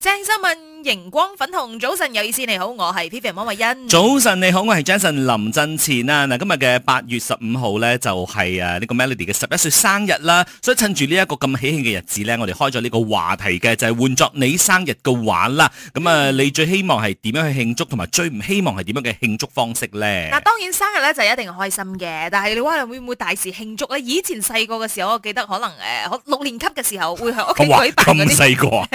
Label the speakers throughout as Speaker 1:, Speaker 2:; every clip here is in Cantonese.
Speaker 1: 鄭生問熒光粉紅早晨有意思，你好，我係 Peter 蒙慧欣。早
Speaker 2: 晨你好，我係 Jason 林振前啊！嗱，今日嘅八月十五號咧，就係誒呢個 Melody 嘅十一歲生日啦，所以趁住呢一個咁喜慶嘅日子咧，我哋開咗呢個話題嘅，就係換作你生日嘅話啦。咁啊，你最希望係點樣去慶祝，同埋最唔希望係點樣嘅慶祝方式咧？嗱，當
Speaker 1: 然生日咧就一定開心嘅，但係你話會唔會大事慶祝咧？以前細個嘅時候，我記得可能誒，我六年級嘅時候會喺屋企舉辦嗰啲。咁細個啊！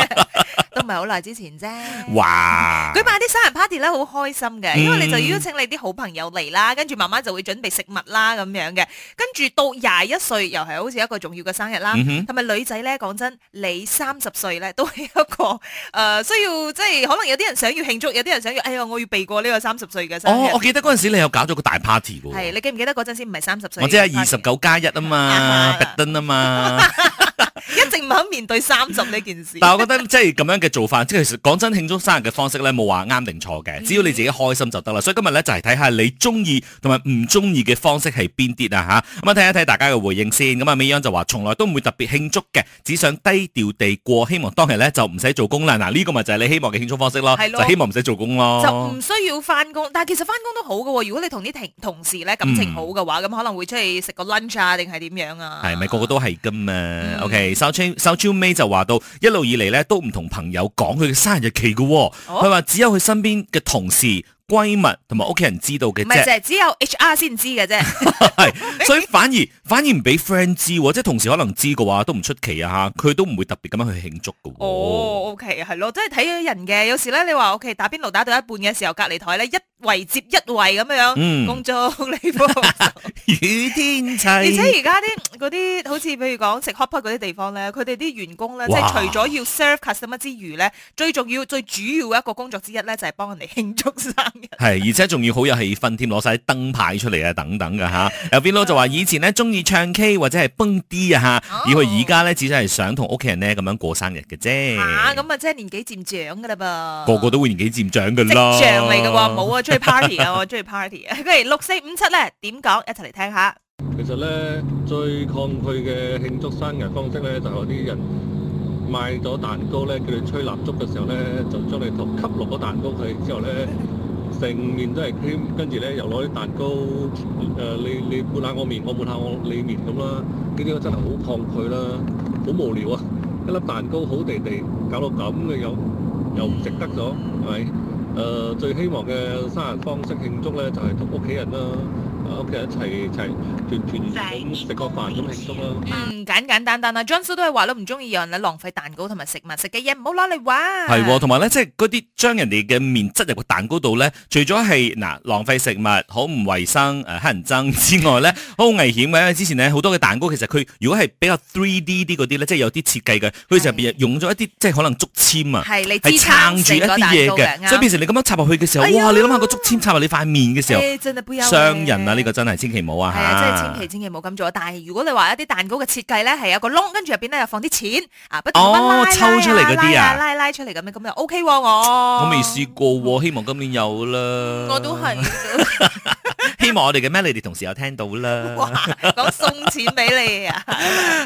Speaker 1: 唔係好耐之前啫，
Speaker 2: 哇！
Speaker 1: 舉辦啲生日 party 咧，好開心嘅，因為你就邀請你啲好朋友嚟啦，跟住媽媽就會準備食物啦咁樣嘅，跟住到廿一歲又係好似一個重要嘅生日啦。同埋、嗯、哼女仔咧，講真，你三十歲咧都係一個誒需、呃、需要，即係可能有啲人想要慶祝，有啲人想要，哎呀，我要避過呢個三十歲嘅生日，哦。我記
Speaker 2: 得嗰陣時你有搞咗個大 party 嘅。係，
Speaker 1: 你記唔記得嗰陣時唔係三十歲？我即係二
Speaker 2: 十九加一啊嘛，百燈啊嘛。
Speaker 1: 肯面對三十呢件事，但係我
Speaker 2: 覺得即係咁樣嘅做法，即係講真，慶祝生日嘅方式咧冇話啱定錯嘅，只要你自己開心就得啦。所以今日咧就係睇下你中意同埋唔中意嘅方式係邊啲啊嚇。咁啊睇一睇大家嘅回應先。咁啊美央就話從來都唔會特別慶祝嘅，只想低調地過，希望當日咧就唔使做工啦。嗱呢個咪就係你希望嘅慶祝方式咯，就希望唔使做工咯。就唔
Speaker 1: 需要翻工，但係其實翻工都好㗎喎。如果你同啲同同事咧感情好嘅話，咁可能會出去食個 lunch 啊，定係點樣啊？
Speaker 2: 係咪個個都係噶嘛？OK，South China。收最尾就話到，一路以嚟咧都唔同朋友講佢嘅生日日期嘅、哦，佢話、oh? 只有佢身邊嘅同事、閨蜜同埋屋企人知道嘅啫，唔係，就
Speaker 1: 只有 HR 先知嘅啫，係
Speaker 2: 所以反而反而唔俾 friend 知，即係同事可能知嘅話都唔出奇啊吓，佢都唔會特別咁樣去慶祝嘅、哦。哦、oh，OK，
Speaker 1: 係咯，即係睇人嘅，有時咧你話屋企打邊爐打到一半嘅時候，隔籬台咧一圍接一圍咁樣，嗯，恭祝你
Speaker 2: 雨天齋而且而
Speaker 1: 家啲。嗰啲好似譬如講食 hotpot 嗰啲地方咧，佢哋啲員工咧，哇即係除咗要 serve customer 之餘咧，哇最重要最主要一個工作之一咧，就係、是、幫人哋慶祝生日。
Speaker 2: 係而且仲要好有氣氛添，攞晒燈牌出嚟啊，等等噶吓。阿 Vino 就話以前咧中意唱 K 或者係蹦啲啊吓，哦、以佢而家咧只係想同屋企人咧咁樣過生日嘅啫。
Speaker 1: 吓咁啊，即係年紀漸長噶啦噃。
Speaker 2: 個個都會年紀漸長噶啦。長嚟嘅喎，冇啊，中意 party 啊，我中
Speaker 1: 意 party。佢哋六四五七咧，點講、 okay,？一齊嚟聽下。
Speaker 2: 其實咧，最抗拒嘅慶祝生日方式咧，就係、是、啲人買咗蛋糕咧，叫你吹蠟燭嘅時候咧，就捉你同吸落個蛋糕去，之後咧成面都係黐，跟住咧又攞啲蛋糕誒、呃，你你抹下我面，我抹下我你面咁啦，呢啲真係好抗拒啦，好無聊啊！一粒蛋糕好地地搞到咁嘅又又唔值得咗，係咪？誒、呃，最希望嘅生日方式慶祝咧，就係同屋企人啦。屋企一齊就係團團圓圓食個飯咁
Speaker 1: 慶祝啦。嗯，簡簡單單啊，John 叔都係話都唔中意有人浪費蛋糕同埋食，食物食嘅嘢，唔好攞嚟玩。係喎，
Speaker 2: 同埋咧，即係嗰啲將人哋嘅面質入個蛋糕度咧，除咗係嗱浪費食物、好唔衞生、誒乞人憎之外咧， 好危險嘅。因為之前咧好多嘅蛋糕其實佢如果係比較 three D 啲嗰啲咧，即係有啲設計嘅，佢就係用咗一啲是即係可能竹籤啊，係撐住一啲嘢嘅，所以變成你咁樣插落去嘅時候，哇！你諗下個竹籤插落你塊面嘅時
Speaker 1: 候，傷、哎、人
Speaker 2: 啊！呢、啊呢個真係千祈冇啊！係啊，啊真係
Speaker 1: 千祈千祈冇咁做。但係如果你話一啲蛋糕嘅設計咧，係有個窿，跟住入邊咧又放啲錢啊，不斷拉拉啲啊，拉拉出嚟咁樣，咁又 O K 喎。我我未
Speaker 2: 試過、啊，希望今年有啦。我都係。 希望我哋嘅 Melody 同事有聽到啦。講
Speaker 1: 送錢俾你
Speaker 2: 啊！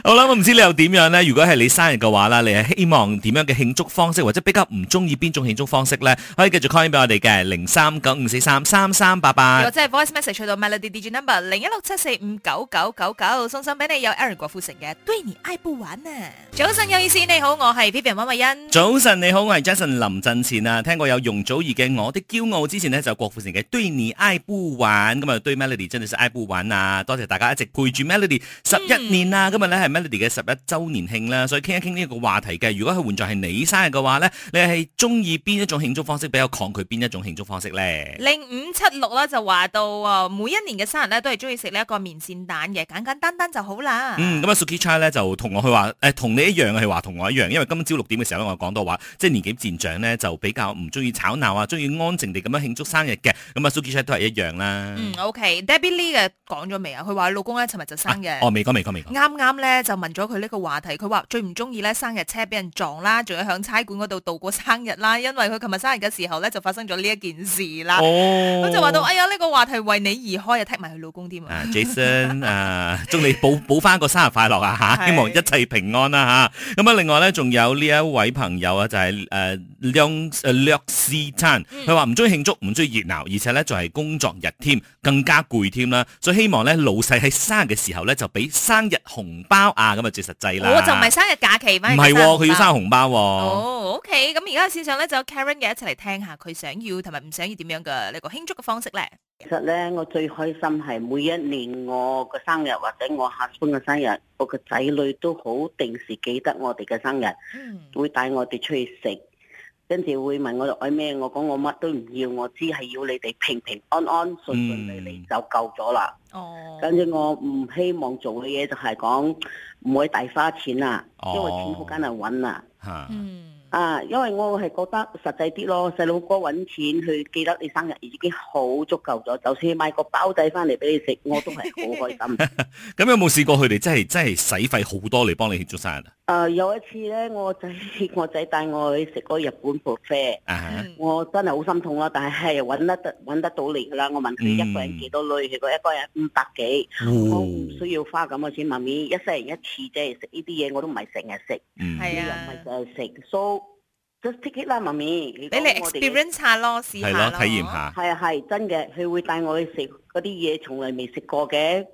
Speaker 2: 好啦，我唔知你又點樣咧？如果係你生日嘅話啦，你係希望點樣嘅慶祝方式，或者比較唔中意邊種慶祝方式咧？可以繼續 call 翻俾我哋嘅零三九五四三三三八八。或
Speaker 1: 者係 voice message 去到 Melody DJ number 零一六七四五九九九九，送心俾你有 Aaron 郭富城嘅《對你愛不完》啊！早晨有意思，你好，我係 Vivian 汪慧欣。
Speaker 2: 早晨你好，我係 Jason 林振前啊！聽過有容祖兒嘅《我的驕傲》，之前咧就郭富城嘅《對你愛不完》。咁啊，今日對 Melody 真係識 i p 玩啊！多謝大家一直陪住 Melody 十一年啊！嗯、今日咧係 Melody 嘅十一周年慶啦，所以傾一傾呢一個話題嘅。如果佢換作係你生日嘅話咧，你係中意邊一種慶祝方式？比較抗拒邊一種慶祝方式咧？
Speaker 1: 零五七六咧就話到每一年嘅生日咧都係中意食呢一個麵線蛋嘅，簡簡單單，單就好啦。
Speaker 2: 咁啊、嗯，Suki Cha 咧就同我去話誒、欸，同你一樣係話同我一樣，因為今朝六點嘅時候咧我講到話，即係年紀漸長咧就比較唔中意吵鬧啊，中意安靜地咁樣慶祝生日嘅。咁啊，Suki Cha 都係一樣啦。嗯
Speaker 1: O K，Debbie Lee 嘅講咗未啊？佢話佢老公咧，尋日就生日。哦，未講
Speaker 2: 未講未講。
Speaker 1: 啱啱咧就問咗佢呢個話題，佢話最唔中意咧生日車俾人撞啦，仲要響差館嗰度度過生日啦，因為佢尋日生日嘅時候咧就發生咗呢一件事啦。哦，咁就話到哎呀，呢個話題為你而開啊，踢埋佢老公添啊。Jason，
Speaker 2: 啊，祝你補補翻個生日快樂啊吓，希望一切平安啦吓。咁啊，另外咧仲有呢一位朋友啊，就係誒 Young 誒 Lucy Chan，佢話唔中意慶祝，唔中意熱鬧，而且咧就係工作日添。更加攰添啦，所以希望咧老細喺生日嘅時候咧就俾生日紅包啊，咁啊最實際啦。我、哦、就唔係生
Speaker 1: 日假期咩？唔係，佢、哦、要生
Speaker 2: 日紅包喎。
Speaker 1: 哦，OK，咁而家線上咧就有 Karen 嘅一齊嚟聽下佢想要同埋唔想要點樣嘅呢、呢個慶祝嘅方式咧。其
Speaker 3: 實咧，我最開心係每一年我嘅生日或者我 husband 嘅生日，我個仔女都好定時記得我哋嘅生日，嗯、會帶我哋出去食。跟住會問我喂，咩，我講，我乜都唔要，我只係要你哋平平安安、順順利利，利就夠咗啦。跟住、嗯、我唔希望做嘅嘢就係講唔可以大花錢啦，哦、因為錢好艱難揾啊。嗯。啊，ah, 因為我係覺得實際啲咯，細佬哥揾錢去記得你生日已經好足夠咗，就算買個包仔翻嚟俾你食，我都係好開心。
Speaker 2: 咁有冇試過佢哋真係真係使費好多嚟幫你慶祝生日啊？
Speaker 3: 誒，有一次咧，我仔我仔帶我去食個日本 buffet，我真係好心痛啦。但係係揾得揾得到嚟噶啦。我問佢一個人幾多女？佢講一個人五百幾。So, 我唔需要花咁嘅錢，媽咪一世人一次即啫，食呢啲嘢我都唔係成日食，mm. 你又唔係成日食就刺激啦，媽咪，俾你 experience
Speaker 2: 下咯，試下咯，
Speaker 3: 係啊係真嘅，佢會帶我去食啲嘢，從來未食過嘅，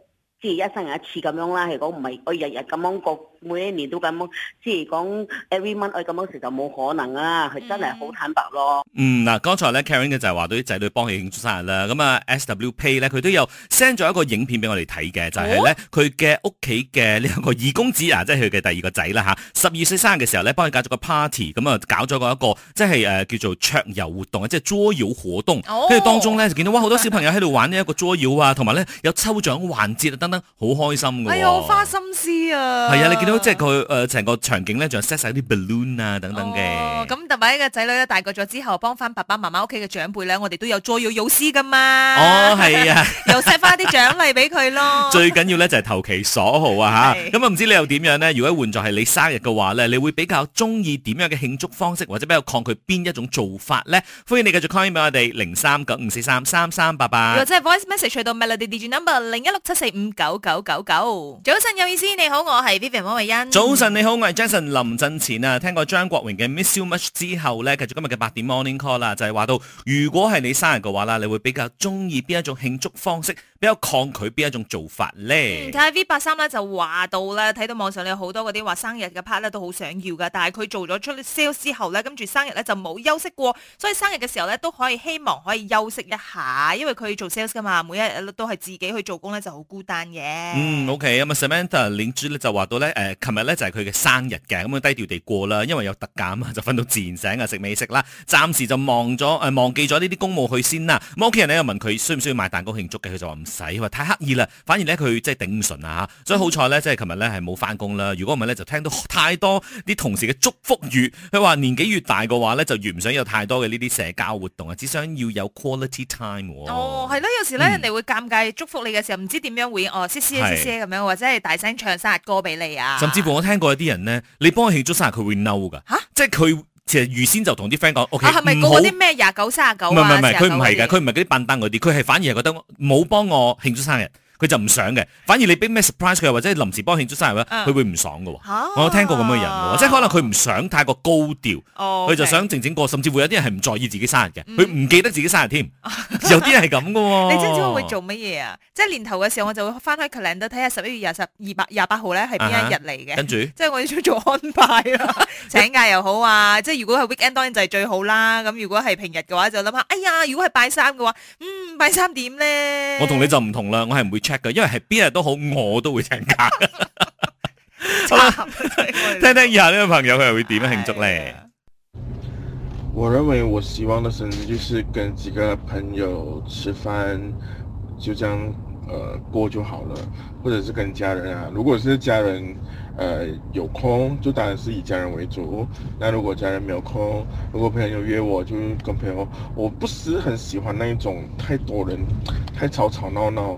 Speaker 3: 即係一生人一次咁樣啦。佢講唔係我日日咁樣焗。每
Speaker 2: 一年都咁樣，即係講 every month 愛咁樣時就冇可能啊！佢真係好坦白咯。嗯，嗱，剛才咧，Karen 嘅就係話對啲仔女幫佢慶祝生日啦。咁啊，S W P 咧，佢都有 send 咗一個影片俾我哋睇嘅，就係咧佢嘅屋企嘅呢個二公子啊，即係佢嘅第二個仔啦嚇。十二歲生日嘅時候咧，幫佢搞咗個 party，咁啊搞咗個一個即係誒叫做桌遊活動啊，即係桌遊活動。跟住、oh. 當中咧就見到哇好多小朋友喺度玩呢一個桌遊啊，同埋咧有抽獎環節啊等等，好開心㗎。哎呀，我花
Speaker 1: 心思啊！係啊，你見到。即
Speaker 2: 係佢誒，成個場景咧仲有 set 晒啲 balloon 啊，等等嘅。咁
Speaker 1: 同埋一個仔女咧大個咗之後，幫翻爸爸媽媽屋企嘅長輩咧，我哋都有 joyous 㗎嘛。哦，係啊，又 set 翻啲獎勵俾佢咯。
Speaker 2: 最緊要咧就係投其所好啊吓。咁啊，唔知你又點樣咧？如果換作係你生日嘅話咧，你會比較中意點樣嘅慶祝方式，或者比較抗拒邊一種做法咧？歡迎你繼續 call 俾我哋零三九五四三三三八八。或
Speaker 1: 者 voice message 去到 Melody DJ number 零一六七四五九九九九。早晨有意思，你好，我係 Vivian。早晨
Speaker 2: 你好，我係 Jason。臨陣前啊，聽過張國榮嘅 Miss You Much 之後咧，繼續今日嘅八點 Morning Call 啦，就係話到，如果係你生日嘅話啦，你會比較中意邊一種慶祝方式？比較抗拒邊一種做法咧？睇
Speaker 1: 下、嗯、V 八三咧就話到咧，睇到網上有好多嗰啲話生日嘅 part 咧都好想要噶，但係佢做咗出 sales 之後咧，跟住生日咧就冇休息過，所以生日嘅時候咧都可以希望可以休息一下，因為佢做 sales 噶嘛，每一日都係自己去做工咧就好孤單嘅。
Speaker 2: 嗯，OK，咁啊，Samantha 領主咧就話到咧，誒、呃，琴日咧就係佢嘅生日嘅，咁啊低調地過啦，因為有特減啊嘛，就瞓到自然醒啊，食美食啦，暫時就忘咗誒、呃，忘記咗呢啲公務去先啦。屋企人咧又問佢需唔需要買蛋糕慶祝嘅，佢就話唔使話太刻意啦，反而咧佢即係頂唔順啊！嚇，所以好彩咧，即係琴日咧係冇返工啦。如果唔係咧，就聽到太多啲同事嘅祝福語。佢話年紀越大嘅話咧，就越唔想有太多嘅呢啲社交活動啊，只想要有 quality time。哦，
Speaker 1: 係咯，有時咧人哋會尷尬祝福你嘅時候，唔知點樣回哦，嘻嘻嘻嘻咁樣，或者係大聲唱生日歌俾你啊。甚至乎
Speaker 2: 我聽過一啲人咧，你幫佢慶祝生日，佢會嬲噶嚇，即係佢。其實預先就同啲 friend 講，OK，啊，係咪啲
Speaker 1: 咩廿九卅九啊？唔係唔係，佢唔係嘅，
Speaker 2: 佢唔係啲笨蛋嗰啲，佢係反而係覺得冇幫我慶祝生日。佢就唔想嘅，反而你俾咩 surprise 佢，或者你臨時幫慶祝生日咧，佢、啊、會唔爽嘅。嚇、啊！我有聽過咁嘅人嘅，即係可能佢唔想太過高調，佢、哦 okay. 就想靜靜過，甚至會有啲人係唔在意自己生日嘅，佢唔、嗯、記得自己生日添，啊、
Speaker 1: 有啲人係
Speaker 2: 咁嘅喎。你知唔知我會做
Speaker 1: 乜嘢 啊？即係年頭嘅時候，我 就會翻開 calendar 睇下十一月廿十二百廿八號咧係邊一日嚟嘅。跟住，即係我要做做安排啊，請假又好啊，即係如果係 weekend 當然就係最好啦。咁如果係平日嘅話，就諗下，哎呀，如果係拜三嘅話，嗯，拜三點咧？
Speaker 2: 我同你就唔同啦，我係唔會。因為係邊日都好，我都會請假。 聽聽一下呢個朋友佢會點慶祝咧？我認為我希望的生日就是跟幾個朋友吃飯，就這樣，誒、呃、過就好了。或者是跟家人啊，如果是家人，誒、呃、有空就當然是以家人為主。那如果家人沒有空，如果朋友約我，就跟朋友。我不是很喜歡那一種太多人，太
Speaker 3: 吵
Speaker 4: 吵鬧鬧。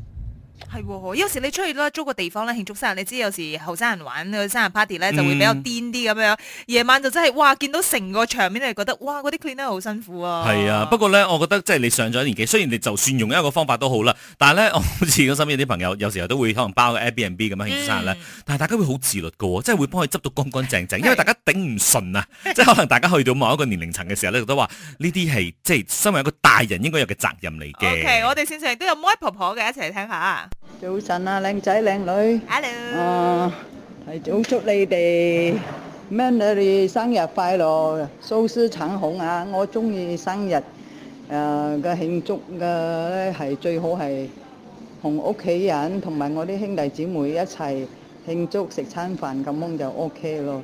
Speaker 1: 係喎、哦，有時你出去租個地方咧慶祝生日，你知有時後生人玩個生日 party 咧，就會比較癲啲咁樣。夜、嗯、晚就真係哇，見到成個場面咧，覺得哇嗰啲 clean 得好辛苦啊。係
Speaker 2: 啊，不過咧，我覺得即係你上咗年紀，雖然你就算用一個方法都好啦，但係咧，我好似我身邊啲朋友，有時候都會可能包個 Airbnb 咁樣慶祝生日咧，嗯、但係大家會好自律嘅，即係會幫佢執到乾乾淨淨，是因為大家頂唔順啊。 即係可能大家去到某一個年齡層嘅時候咧，都話呢啲係即係身為一個大人應該有嘅責任嚟嘅。O、okay,
Speaker 1: K，我哋線上亦都有 Melody 婆婆嘅一齊嚟聽下。
Speaker 4: 早晨啊，靚仔靚女，Hello，啊，提早祝你哋 Mandy 生日快樂，蘇蘇橙紅啊，我中意生日誒嘅慶祝嘅咧係最好係同屋企人同埋我啲兄弟姊妹一齊慶祝食餐飯咁樣就 OK 咯，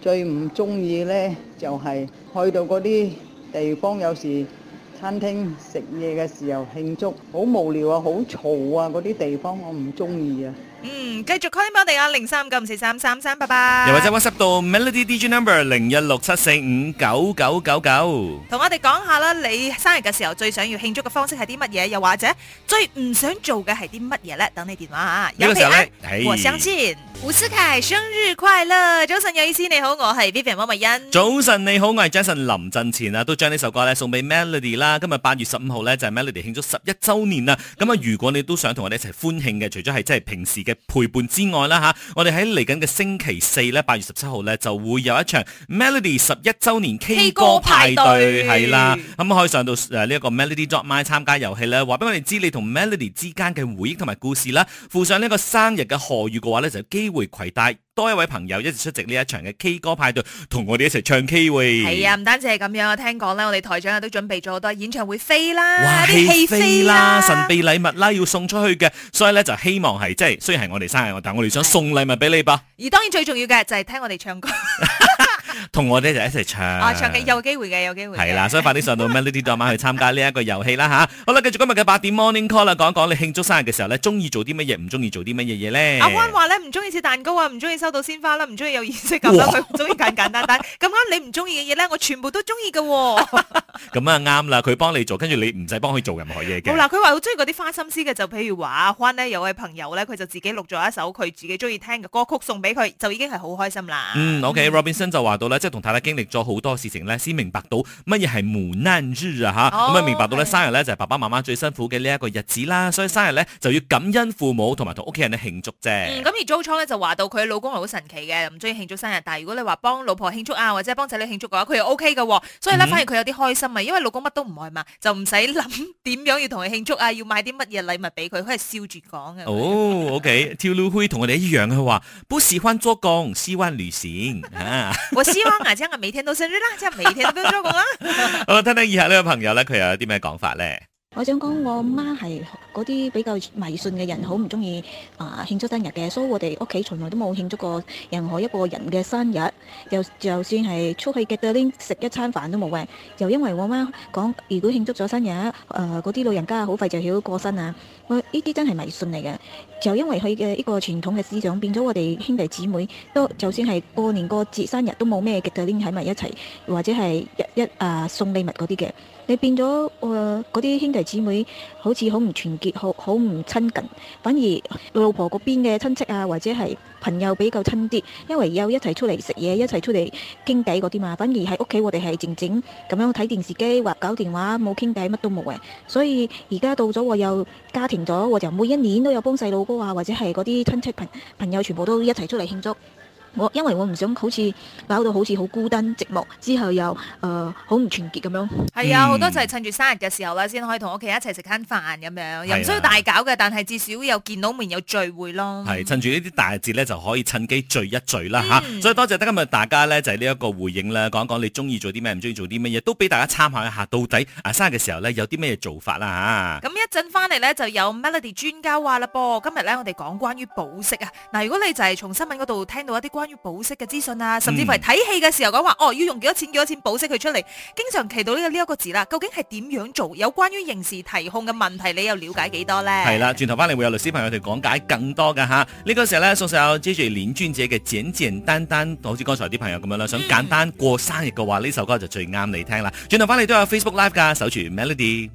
Speaker 4: 最唔中意咧就係去到嗰啲地方有時。餐廳食嘢嘅時候慶祝，好無聊啊！好嘈啊！嗰啲地方我唔中意啊！嗯，
Speaker 1: 繼續 call 俾我哋啊，零三九五四三三三，拜拜。又或者
Speaker 2: WhatsApp 到 Melody DJ number 零一六七四五九九九九，
Speaker 1: 同我哋講下啦，你生日嘅時候最想要慶祝嘅方式係啲乜嘢？又或者最唔想做嘅係啲乜嘢咧？等你電話啊。有咩咧？和生前胡思凱生日快樂，早晨有意思，你好，我係 Vivian 溫慧欣。
Speaker 2: 早晨你好，我係 Jason 林振前啊，都將呢首歌咧送俾 Melody 啦。今日八月十五號咧就係 Melody 慶祝十一周年啦。咁啊，如果你都想同我哋一齊歡慶嘅，除咗係即係平時嘅。陪伴之外啦，吓、啊，我哋喺嚟緊嘅星期四咧，八月十七號咧就會有一場 Melody 十一周年 K, K 歌派對係啦，咁可以上到誒呢一個 Melody Dot My 參加遊戲咧，話俾我哋知你同 Melody 之間嘅回憶同埋故事啦，附上呢個生日嘅賀語嘅話咧就有機會巨大。多一位朋友一齊出席呢一場嘅 K 歌派對，同我哋一齊唱 K 喎、欸。係啊，唔
Speaker 1: 單止係咁樣，聽講咧，我哋台長都準備咗好多演唱會飛啦，哇
Speaker 2: 啲戲飛啦，飛啦神秘禮物啦要送出去嘅，所以咧就希望係即係，雖然係我哋生日，但係我哋想送禮物俾你噃。
Speaker 1: 而當然最重要嘅就係聽我哋唱歌。
Speaker 2: 同我咧就一齊唱。哦、啊，唱嘅
Speaker 1: 有機會嘅，有機會。係
Speaker 2: 啦，所以快啲上到 Melody 啲 去參加呢一個遊戲啦吓， 好啦，繼續今日嘅八點 Morning Call 啦，講一講你慶祝生日嘅時候咧，中意做啲乜嘢，唔中意做啲乜嘢嘢咧。阿彎話
Speaker 1: 咧，唔中意切蛋糕啊，唔中意收到鮮花啦、啊，唔中意有意識感啦、啊，佢唔中意簡簡單單，單。咁啱，你唔中意嘅嘢咧，我全部都中意嘅。
Speaker 2: 咁啊啱啦，佢幫你做，跟住你唔使幫佢做任何嘢嘅。好啦，佢
Speaker 1: 話好中意嗰啲花心思嘅，就譬如話阿彎咧，有位朋友咧，佢就自己錄咗一首佢自己中意聽嘅歌曲送俾佢，就已經係好開心啦。嗯
Speaker 2: ，OK，Robinson、okay, 嗯、就話到咧。即係同太太經歷咗好多事情咧，先明白到乜嘢係無難於啊吓，咁啊明白到咧，生日咧就係爸爸媽媽最辛苦嘅呢一個日子啦，所以生日咧就要感恩父母同埋同屋企人咧慶祝啫。
Speaker 1: 咁而租倉咧就話到佢老公係好神奇嘅，唔中意慶祝生日，但係如果你話幫老婆慶祝啊，或者幫仔女慶祝嘅話，佢又 OK 嘅，所以咧反而佢有啲開心啊，因為老公乜都唔愛嘛，就唔使諗點樣要同佢慶祝啊，要買啲乜嘢禮物俾佢，佢係笑住講
Speaker 2: 嘅。哦，OK，條路可以同我哋一樣，佢話不喜歡做工，喜歡旅行
Speaker 1: 咁啊，即係 每天
Speaker 4: 都生日啦，即係每天都做過啦，
Speaker 2: 我聽聽以下呢位朋友咧，佢又有啲咩講法咧？
Speaker 4: 我想講，我媽係。嗰啲比較迷信嘅人好唔中意啊慶祝生日嘅，所以我哋屋企從來都冇慶祝過任何一個人嘅生日。又就算係出去 gathering 食一餐飯都冇嘅。又因為我媽講，如果慶祝咗生日，誒嗰啲老人家好快就曉過身啊。誒呢啲真係迷信嚟嘅。就因為佢嘅呢個傳統嘅思想，變咗我哋兄弟姊妹都，就算係過年過節生日都冇咩 gathering 喺埋一齊，或者係一一啊、呃、送禮物啲嘅。你變咗誒啲兄弟姊妹好似好唔團好好唔親近，反而老婆嗰邊嘅親戚啊，或者係朋友比較親啲，因為又一齊出嚟食嘢，一齊出嚟傾偈嗰啲嘛。反而喺屋企，我哋係靜靜咁樣睇電視機或搞電話，冇傾偈，乜都冇嘅。所以而家到咗我有家庭咗，我就每一年都有幫細路哥啊，或者係嗰啲親戚朋朋友全部都一齊出嚟慶祝。我因為我唔想好似搞到好似好孤單、寂寞，之後又誒好唔團結咁樣。係、嗯、啊，好多就係
Speaker 1: 趁住生日嘅時候啦，先可以同屋企人一齊食餐飯咁樣，又唔需要大搞嘅，啊、但係至少又見到面有聚會咯。係
Speaker 2: 趁住呢啲大節咧，就可以趁機聚一聚啦吓，啊嗯、所以多謝得今日大家咧，就係呢一個回應啦，講一講你中意做啲咩，唔中意做啲乜嘢，都俾大家參考一下，到底啊生日嘅時候咧有啲咩做法啦嚇。咁、
Speaker 1: 啊、一陣翻嚟咧，就有 Melody 專家話啦噃，今日咧我哋講關於保釋啊。嗱，如果你就係從新聞嗰度聽到一啲關關於保釋嘅資訊啊，甚至乎係睇戲嘅時候講話哦，要用幾多錢幾多錢保釋佢出嚟，經常提到呢個呢一個字啦。究竟係點樣做？有關於刑事提控嘅問題，你又了解幾多呢？係
Speaker 2: 啦，轉頭翻嚟會有律師朋友哋講解更多㗎吓。呢個時候呢，送上 J J 林俊傑嘅簡簡單單，好似剛才啲朋友咁樣啦。想簡單過生日嘅話，呢、嗯、首歌就最啱你聽啦。轉頭翻嚟都有 Facebook Live 噶，守住 Melody。